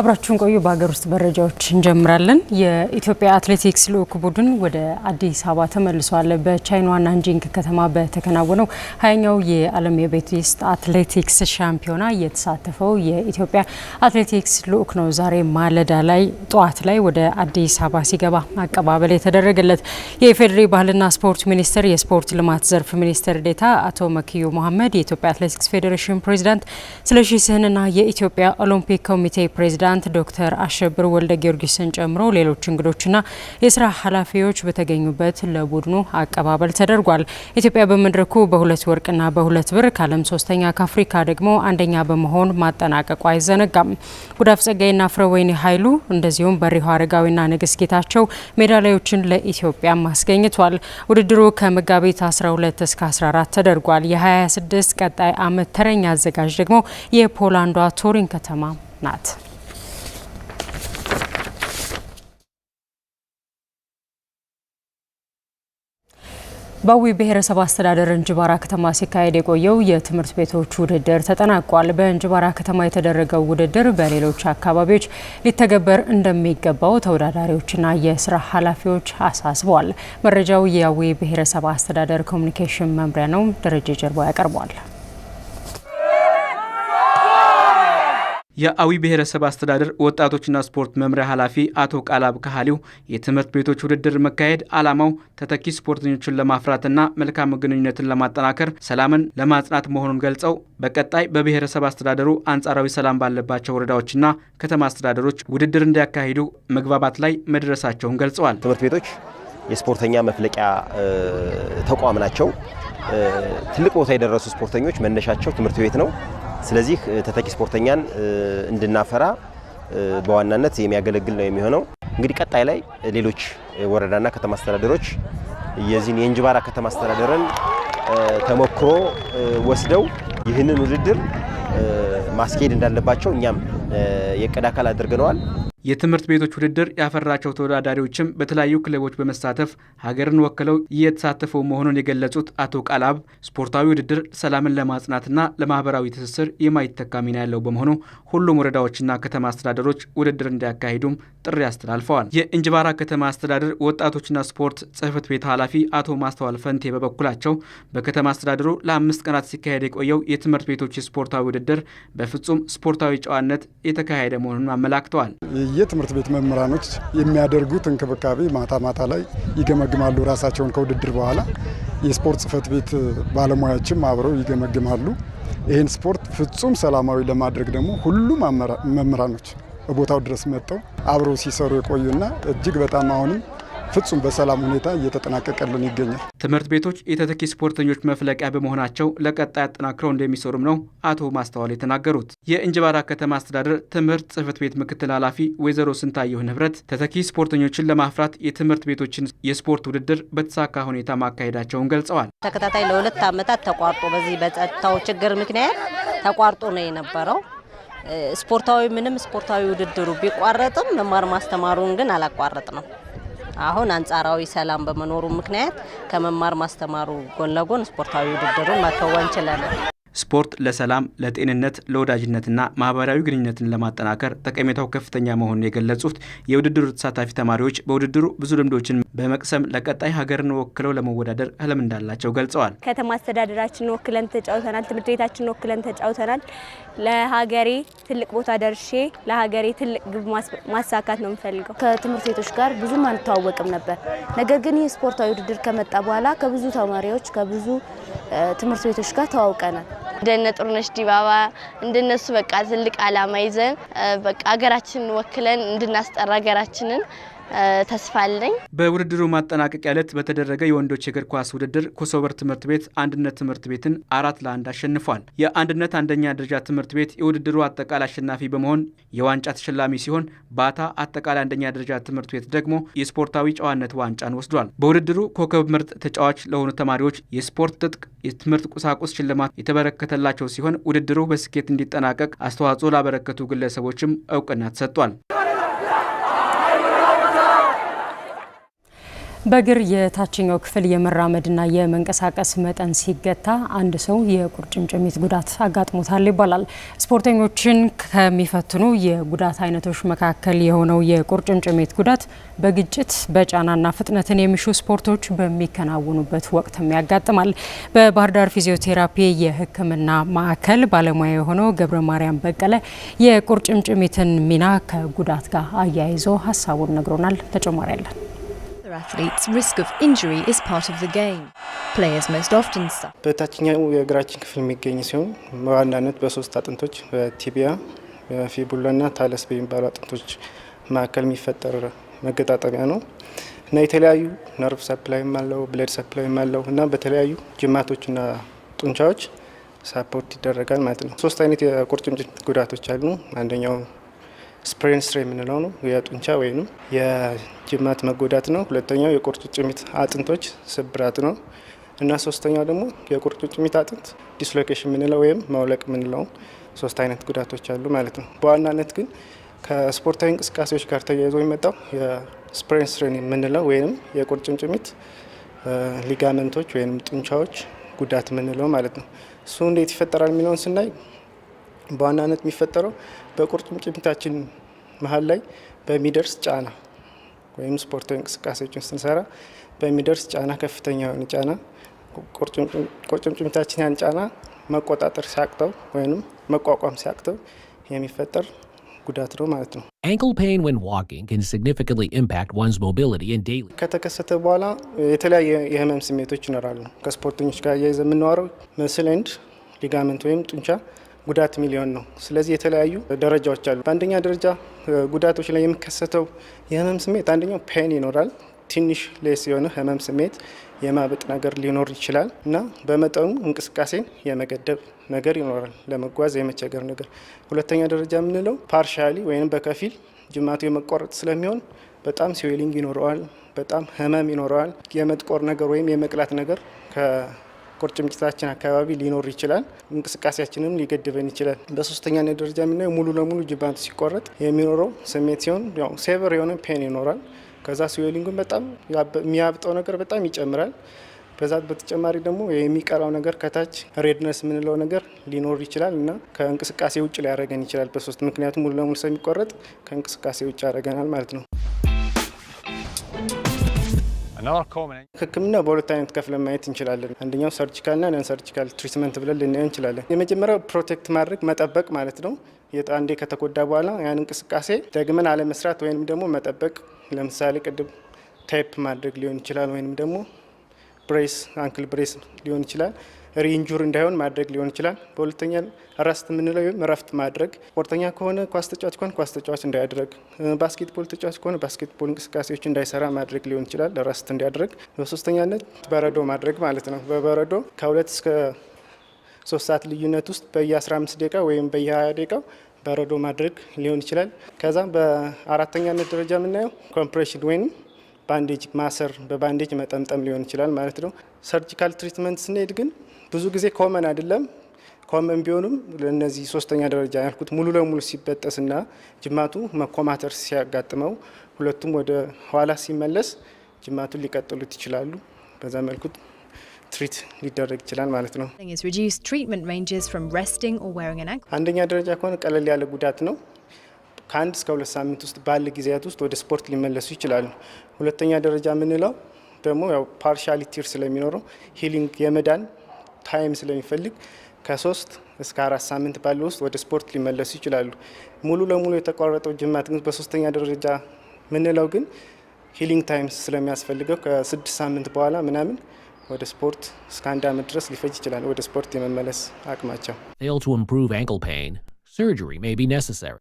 አብራችሁን ቆዩ። በሀገር ውስጥ መረጃዎች እንጀምራለን። የኢትዮጵያ አትሌቲክስ ልዑክ ቡድን ወደ አዲስ አበባ ተመልሷል። በቻይና ናንጂንግ ከተማ በተከናወነው ሀያኛው የዓለም የቤት ውስጥ አትሌቲክስ ሻምፒዮና የተሳተፈው የኢትዮጵያ አትሌቲክስ ልዑክ ነው ዛሬ ማለዳ ላይ ጠዋት ላይ ወደ አዲስ አበባ ሲገባ አቀባበል የተደረገለት የኢፌዴሪ ባህልና ስፖርት ሚኒስቴር የስፖርት ልማት ዘርፍ ሚኒስትር ዴኤታ አቶ መክዩ መሐመድ የኢትዮጵያ አትሌቲክስ ፌዴሬሽን ፕሬዚዳንት ስለሺ ስህንና የኢትዮጵያ ኦሎምፒክ ኮሚቴ ፕሬዚዳንት ፕሬዝዳንት ዶክተር አሸብር ወልደ ጊዮርጊስን ጨምሮ ሌሎች እንግዶችና የስራ ኃላፊዎች በተገኙበት ለቡድኑ አቀባበል ተደርጓል። ኢትዮጵያ በመድረኩ በሁለት ወርቅና በሁለት ብር ከዓለም ሶስተኛ ከአፍሪካ ደግሞ አንደኛ በመሆን ማጠናቀቁ አይዘነጋም። ጉዳፍ ጸጋይና ፍረወይኒ ኃይሉ እንደዚሁም በሪሁ አረጋዊና ንግስት ጌታቸው ሜዳሊያዎችን ለኢትዮጵያ አስገኝቷል። ውድድሩ ከመጋቢት 12 እስከ 14 ተደርጓል። የ26 ቀጣይ ዓመት ተረኛ አዘጋጅ ደግሞ የፖላንዷ ቶሪን ከተማ ናት። በአዊ ብሔረሰብ አስተዳደር እንጅባራ ከተማ ሲካሄድ የቆየው የትምህርት ቤቶች ውድድር ተጠናቋል። በእንጅባራ ከተማ የተደረገው ውድድር በሌሎች አካባቢዎች ሊተገበር እንደሚገባው ተወዳዳሪዎችና የስራ ኃላፊዎች አሳስበዋል። መረጃው የአዊ ብሔረሰብ አስተዳደር ኮሚኒኬሽን መምሪያ ነው። ደረጀ ጀርባ ያቀርቧል። የአዊ ብሔረሰብ አስተዳደር ወጣቶችና ስፖርት መምሪያ ኃላፊ አቶ ቃላብ ካህሊው የትምህርት ቤቶች ውድድር መካሄድ ዓላማው ተተኪ ስፖርተኞችን ለማፍራትና መልካም ግንኙነትን ለማጠናከር፣ ሰላምን ለማጽናት መሆኑን ገልጸው በቀጣይ በብሔረሰብ አስተዳደሩ አንጻራዊ ሰላም ባለባቸው ወረዳዎችና ከተማ አስተዳደሮች ውድድር እንዲያካሂዱ መግባባት ላይ መድረሳቸውን ገልጸዋል። ትምህርት ቤቶች የስፖርተኛ መፍለቂያ ተቋም ናቸው። ትልቅ ቦታ የደረሱ ስፖርተኞች መነሻቸው ትምህርት ቤት ነው። ስለዚህ ተተኪ ስፖርተኛን እንድናፈራ በዋናነት የሚያገለግል ነው የሚሆነው። እንግዲህ ቀጣይ ላይ ሌሎች ወረዳና ከተማ አስተዳደሮች የዚህን የእንጅባራ ከተማ አስተዳደርን ተሞክሮ ወስደው ይህንን ውድድር ማስኬድ እንዳለባቸው እኛም የዕቅድ አካል አድርገነዋል። የትምህርት ቤቶች ውድድር ያፈራቸው ተወዳዳሪዎችም በተለያዩ ክለቦች በመሳተፍ ሀገርን ወክለው እየተሳተፉ መሆኑን የገለጹት አቶ ቃላብ ስፖርታዊ ውድድር ሰላምን ለማጽናትና ለማህበራዊ ትስስር የማይተካ ሚና ያለው በመሆኑ ሁሉም ወረዳዎችና ከተማ አስተዳደሮች ውድድር እንዲያካሂዱም ጥሪ አስተላልፈዋል። የእንጅባራ ከተማ አስተዳደር ወጣቶችና ስፖርት ጽህፈት ቤት ኃላፊ አቶ ማስተዋል ፈንቴ በበኩላቸው በከተማ አስተዳደሩ ለአምስት ቀናት ሲካሄድ የቆየው የትምህርት ቤቶች ስፖርታዊ ውድድር በፍጹም ስፖርታዊ ጨዋነት የተካሄደ መሆኑን አመላክተዋል። የትምህርት ቤት መምህራኖች የሚያደርጉት እንክብካቤ ማታ ማታ ላይ ይገመግማሉ። ራሳቸውን ከውድድር በኋላ የስፖርት ጽፈት ቤት ባለሙያዎችም አብረው ይገመግማሉ። ይህን ስፖርት ፍጹም ሰላማዊ ለማድረግ ደግሞ ሁሉም መምህራኖች በቦታው ድረስ መጥተው አብረው ሲሰሩ የቆዩና እጅግ በጣም አሁንም ፍጹም በሰላም ሁኔታ እየተጠናቀቀልን ይገኛል። ትምህርት ቤቶች የተተኪ ስፖርተኞች መፍለቂያ በመሆናቸው ለቀጣይ አጠናክረው እንደሚሰሩም ነው አቶ ማስተዋል የተናገሩት። የእንጅባራ ከተማ አስተዳደር ትምህርት ጽህፈት ቤት ምክትል ኃላፊ ወይዘሮ ስንታየሁ ንብረት ተተኪ ስፖርተኞችን ለማፍራት የትምህርት ቤቶችን የስፖርት ውድድር በተሳካ ሁኔታ ማካሄዳቸውን ገልጸዋል። ተከታታይ ለሁለት ዓመታት ተቋርጦ በዚህ በጸጥታው ችግር ምክንያት ተቋርጦ ነው የነበረው። ስፖርታዊ ምንም ስፖርታዊ ውድድሩ ቢቋረጥም መማር ማስተማሩን ግን አላቋረጥ ነው አሁን አንጻራዊ ሰላም በመኖሩ ምክንያት ከመማር ማስተማሩ ጎን ለጎን ስፖርታዊ ውድድሩን ማከወን ችለናል። ስፖርት ለሰላም፣ ለጤንነት፣ ለወዳጅነትና ማህበራዊ ግንኙነትን ለማጠናከር ጠቀሜታው ከፍተኛ መሆኑን የገለጹት የውድድሩ ተሳታፊ ተማሪዎች በውድድሩ ብዙ ልምዶችን በመቅሰም ለቀጣይ ሀገርን ወክለው ለመወዳደር ህልም እንዳላቸው ገልጸዋል። ከተማ አስተዳደራችን ወክለን ተጫውተናል። ትምህርት ቤታችን ወክለን ተጫውተናል። ለሀገሬ ትልቅ ቦታ ደርሼ ለሀገሬ ትልቅ ግብ ማሳካት ነው የምፈልገው። ከትምህርት ቤቶች ጋር ብዙም አንተዋወቅም ነበር። ነገር ግን ይህ ስፖርታዊ ውድድር ከመጣ በኋላ ከብዙ ተማሪዎች ከብዙ ትምህርት ቤቶች ጋር ተዋውቀናል። እንደነ ጥሩነሽ ዲባባ እንደነሱ በቃ ትልቅ አላማ ይዘን በቃ ሀገራችንን ወክለን እንድናስጠራ ሀገራችንን ተስፋ አለኝ። በውድድሩ ማጠናቀቂያ ዕለት በተደረገ የወንዶች የእግር ኳስ ውድድር ኮሶበር ትምህርት ቤት አንድነት ትምህርት ቤትን አራት ለአንድ አሸንፏል። የአንድነት አንደኛ ደረጃ ትምህርት ቤት የውድድሩ አጠቃላይ አሸናፊ በመሆን የዋንጫ ተሸላሚ ሲሆን፣ ባታ አጠቃላይ አንደኛ ደረጃ ትምህርት ቤት ደግሞ የስፖርታዊ ጨዋነት ዋንጫን ወስዷል። በውድድሩ ኮከብ ምርጥ ተጫዋች ለሆኑ ተማሪዎች የስፖርት ትጥቅ፣ የትምህርት ቁሳቁስ ሽልማት የተበረከተላቸው ሲሆን ውድድሩ በስኬት እንዲጠናቀቅ አስተዋጽኦ ላበረከቱ ግለሰቦችም እውቅና ተሰጥቷል። በእግር የታችኛው ክፍል የመራመድና የመንቀሳቀስ መጠን ሲገታ አንድ ሰው የቁርጭምጭሚት ጉዳት አጋጥሞታል ይባላል። ስፖርተኞችን ከሚፈትኑ የጉዳት አይነቶች መካከል የሆነው የቁርጭምጭሚት ጉዳት በግጭት በጫናና ፍጥነትን የሚሹ ስፖርቶች በሚከናወኑበት ወቅትም ያጋጥማል። በባህር ዳር ፊዚዮቴራፒ የሕክምና ማዕከል ባለሙያ የሆነው ገብረ ማርያም በቀለ የቁርጭምጭሚትን ሚና ከጉዳት ጋር አያይዞ ሀሳቡን ነግሮናል። ተጨማሪ ያለን athletes risk of injury is part of the game. Players most often suffer. በታችኛው የእግራችን ክፍል የሚገኝ ሲሆን በዋናነት በሶስት አጥንቶች በቲቢያ በፊቡላና ታለስ በሚባሉ አጥንቶች መካከል የሚፈጠር መገጣጠሚያ ነው እና የተለያዩ ነርቭ ሰፕላይም አለው ብለድ ሰፕላይም አለው እና በተለያዩ ጅማቶችና ጡንቻዎች ሳፖርት ይደረጋል ማለት ነው። ሶስት አይነት የቁርጭምጭት ጉዳቶች አሉ። አንደኛው ስፕሬን ስትሬን የምንለው ነው። የጡንቻ ወይም የጅማት መጎዳት ነው። ሁለተኛው የቁርጭምጭሚት አጥንቶች ስብራት ነው እና ሶስተኛው ደግሞ የቁርጭምጭሚት አጥንት ዲስሎኬሽን የምንለው ወይም መውለቅ የምንለው ሶስት አይነት ጉዳቶች አሉ ማለት ነው። በዋናነት ግን ከስፖርታዊ እንቅስቃሴዎች ጋር ተያይዞ የመጣው የስፕሬን ስትሬን የምንለው ወይም የቁርጭምጭሚት ሊጋመንቶች ወይም ጡንቻዎች ጉዳት የምንለው ማለት ነው። እሱ እንዴት ይፈጠራል የሚለውን ስናይ በዋናነት የሚፈጠረው በቁርጭምጭሚታችን መሀል ላይ በሚደርስ ጫና ወይም ስፖርታዊ እንቅስቃሴዎችን ስንሰራ በሚደርስ ጫና ከፍተኛ የሆነ ጫና ቁርጭምጭሚታችን ያን ጫና መቆጣጠር ሲያቅተው ወይም መቋቋም ሲያቅተው የሚፈጠር ጉዳት ነው ማለት ነው። ankle pain when walking can significantly impact one's mobility and daily ከተከሰተ በኋላ የተለያየ የህመም ስሜቶች ይኖራሉ። ከስፖርተኞች ጋር እያይዘ የምናወራው መስል ኤንድ ሊጋመንት ወይም ጡንቻ ጉዳት ሚሊዮን ነው። ስለዚህ የተለያዩ ደረጃዎች አሉ። በአንደኛ ደረጃ ጉዳቶች ላይ የሚከሰተው የህመም ስሜት አንደኛው ፔን ይኖራል። ትንሽ ሌስ የሆነ ህመም ስሜት የማበጥ ነገር ሊኖር ይችላል እና በመጠኑ እንቅስቃሴን የመገደብ ነገር ይኖራል፣ ለመጓዝ የመቸገር ነገር። ሁለተኛ ደረጃ የምንለው ፓርሻሊ ወይም በከፊል ጅማቱ የመቋረጥ ስለሚሆን በጣም ሲዌሊንግ ይኖረዋል፣ በጣም ህመም ይኖረዋል። የመጥቆር ነገር ወይም የመቅላት ነገር ቁርጭምጭታችን አካባቢ ሊኖር ይችላል። እንቅስቃሴያችንም ሊገድበን ይችላል። በሶስተኛነት ደረጃ የምናየው ሙሉ ለሙሉ ጅባንት ሲቆረጥ የሚኖረው ስሜት ሲሆን ሴቨር የሆነ ፔን ይኖራል። ከዛ ስዌሊንግን በጣም የሚያብጠው ነገር በጣም ይጨምራል። በዛት በተጨማሪ ደግሞ የሚቀራው ነገር ከታች ሬድነስ የምንለው ነገር ሊኖር ይችላል እና ከእንቅስቃሴ ውጭ ሊያደረገን ይችላል። በሶስት ምክንያቱም ሙሉ ለሙሉ ስለሚቆረጥ ከእንቅስቃሴ ውጭ ያደረገናል ማለት ነው። ህክምና በሁለት አይነት ከፍለን ማየት እንችላለን። አንደኛው ሰርጂካልና ነን ሰርጂካል ትሪትመንት ብለን ልናየው እንችላለን። የመጀመሪያው ፕሮቴክት ማድረግ መጠበቅ ማለት ነው። የጣንዴ ከተጎዳ በኋላ ያን እንቅስቃሴ ደግመን አለመስራት ወይንም ደግሞ መጠበቅ፣ ለምሳሌ ቅድም ታይፕ ማድረግ ሊሆን ይችላል ወይንም ደግሞ ብሬስ አንክል ብሬስ ሊሆን ይችላል። ሪኢንጁር እንዳይሆን ማድረግ ሊሆን ይችላል። በሁለተኛ እረፍት የምንለው ወይም እረፍት ማድረግ፣ ስፖርተኛ ከሆነ ኳስ ተጫዋች ከሆነ ኳስ ተጫዋች እንዳያደረግ፣ ባስኬትቦል ተጫዋች ከሆነ ባስኬትቦል እንቅስቃሴዎች እንዳይሰራ ማድረግ ሊሆን ይችላል፣ ረስት እንዲያደረግ። በሶስተኛነት በረዶ ማድረግ ማለት ነው። በበረዶ ከሁለት እስከ ሶስት ሰዓት ልዩነት ውስጥ በየ15 ደቂቃ ወይም በየ20 ደቂቃ በረዶ ማድረግ ሊሆን ይችላል። ከዛም በአራተኛነት ደረጃ የምናየው ኮምፕሬሽን ወይም ባንዴጅ ማሰር በባንዴጅ መጠምጠም ሊሆን ይችላል ማለት ነው። ሰርጂካል ትሪትመንት ስንሄድ ግን ብዙ ጊዜ ኮመን አይደለም። ኮመን ቢሆንም ለእነዚህ ሶስተኛ ደረጃ ያልኩት ሙሉ ለሙሉ ሲበጠስና ጅማቱ መኮማተር ሲያጋጥመው ሁለቱም ወደ ኋላ ሲመለስ ጅማቱን ሊቀጥሉት ይችላሉ። በዛ መልኩ ትሪት ሊደረግ ይችላል ማለት ነው። አንደኛ ደረጃ ከሆነ ቀለል ያለ ጉዳት ነው። ከአንድ እስከ ሁለት ሳምንት ውስጥ ባለ ጊዜያት ውስጥ ወደ ስፖርት ሊመለሱ ይችላሉ። ሁለተኛ ደረጃ የምንለው ደግሞ ያው ፓርሻሊ ቲር ስለሚኖረው ሂሊንግ የመዳን ታይም ስለሚፈልግ ከሶስት እስከ አራት ሳምንት ባለ ውስጥ ወደ ስፖርት ሊመለሱ ይችላሉ። ሙሉ ለሙሉ የተቋረጠው ጅማት ግን በሶስተኛ ደረጃ ምንለው ግን ሂሊንግ ታይም ስለሚያስፈልገው ከስድስት ሳምንት በኋላ ምናምን ወደ ስፖርት እስከ አንድ ዓመት ድረስ ሊፈጅ ይችላል። ወደ ስፖርት የመመለስ አቅማቸው